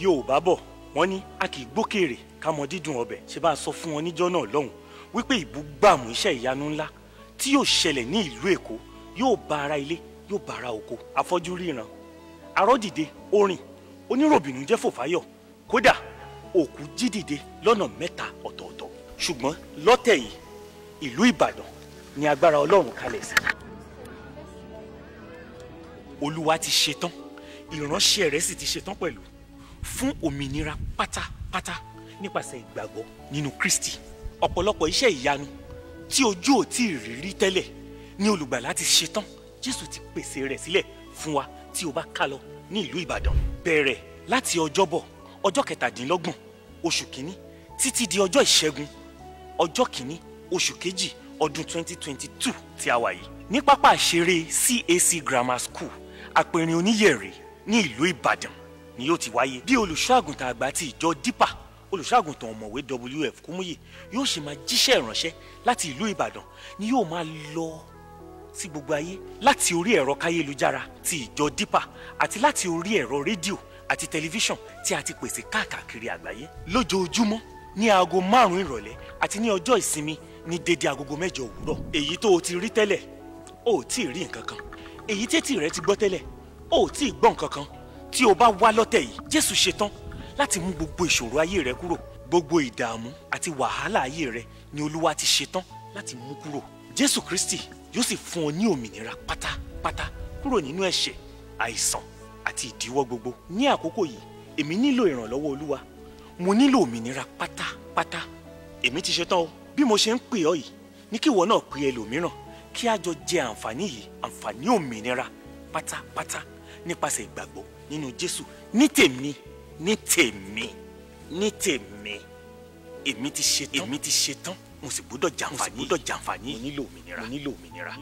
yorùbá bọ̀ wọ́n ní a kì í gbókèrè ká mọ dídùn ọbẹ̀ ṣe bá a sọ fún wọn níjọ́ náà lọ́hùn wípé ìbúgbàmù iṣẹ́ ìyanu ńlá tí yóò ṣẹlẹ̀ ní ìlú èkó yóò bá ara ilé yóò bá ara oko afọ́jú ríran arọ́dìde orin oníròbìnú jẹ́ fòfáyọ̀ kódà òkú jídìde lọ́nà mẹ́ta ọ̀tọ̀ọ̀tọ̀ ṣùgbọ́n lọ́tẹ̀ yìí ìlú ìbàdàn ni agbára ọlọ́run kalẹ̀ sí. olúwa ti ṣetán ìránṣẹ́ rẹ̀ sì ti ṣetán pẹ̀lú fún òmìnira pátápátá nípasẹ̀ ìgbàgbọ́ nínú Kristi ọ̀pọ̀lọpọ̀ iṣẹ́ ìyanu tí ojú ò tí ì rí rí tẹ́lẹ̀ ní olùgbàlà ti ṣetán Jésù ti pèsè rẹ̀ sílẹ̀ fún wa tí o bá ká lọ ní ìlú Ìbàdàn bẹ̀rẹ̀ láti ọjọ́bọ̀ ọjọ́ kẹtàdínlọ́gbọ̀n oṣù kínní títí di ọjọ́ ìṣẹ́gun ọjọ́ kínní oṣù kejì ọdún 2022 tí a wà yìí ní pápá ìṣeré CAC Grammar School àpẹ̀rìn oníyẹ̀rẹ̀ ní ìlú Ìbàdàn ni yóò ti wáyé bí olùṣọ́àgùntàn àgbà ti ìjọ dípà olùṣọ́àgùntàn ọ̀mọ̀wé wf kúmúyè yóò ṣe máa jíṣẹ́ ìránṣẹ́ láti ìlú ìbàdàn ni yóò máa lọ sí gbogbo ayé láti orí ẹ̀rọ káyélujára ti ìjọ dípà àti láti orí ẹ̀rọ rédíò àti tẹlifíṣàn tí a ti pèsè káàkiri àgbáyé lójoojúmọ́ ní aago márùn-ún ìrọ̀lẹ́ àti ní ọjọ́ ìsinmi ní dédé agogo mẹ́jọ òwúrọ̀ èyí tó o ti rí tẹ́lẹ̀ o ò tí ì rí nǹkan kan èyí tẹ́tí rẹ ti gbọ́ tẹ́lẹ̀ o ò tí ì gbọ́ nǹkan kan tí o bá wá lọ́tẹ̀ yìí jésù ṣetán láti mú gbogbo ìṣòro ayé rẹ kúrò gbogbo ìdààmú àti wàhálà ayé rẹ ni olúwa ti ṣetán láti mú kúrò jésù kristi yóò sì fún ọ ní òmìnira pátápátá kúrò nínú ẹ̀ṣẹ̀ àìsàn àti ìdíwọ́ gbogbo ní àkókò yìí èmi nílò ìrànlọ́wọ́ olúwa mo nílò òmìnira pátápátá èmi ti ṣetán o bí mo ṣe ń pè ọ́ yìí ní kí ìwọ náà pè ẹlòmíràn kí a jọ jẹ àǹfààní yìí àǹfààní òmìnira pátápátá nípasẹ̀ ìgbàgbọ́ nínú Jésù ní tèmi ní tèmi ní tèmi èmi ti ṣetán èmi ti ṣetán mo sì gbọ́dọ̀ jàǹfààní mo nílò òmìnira mo nílò òmìnira.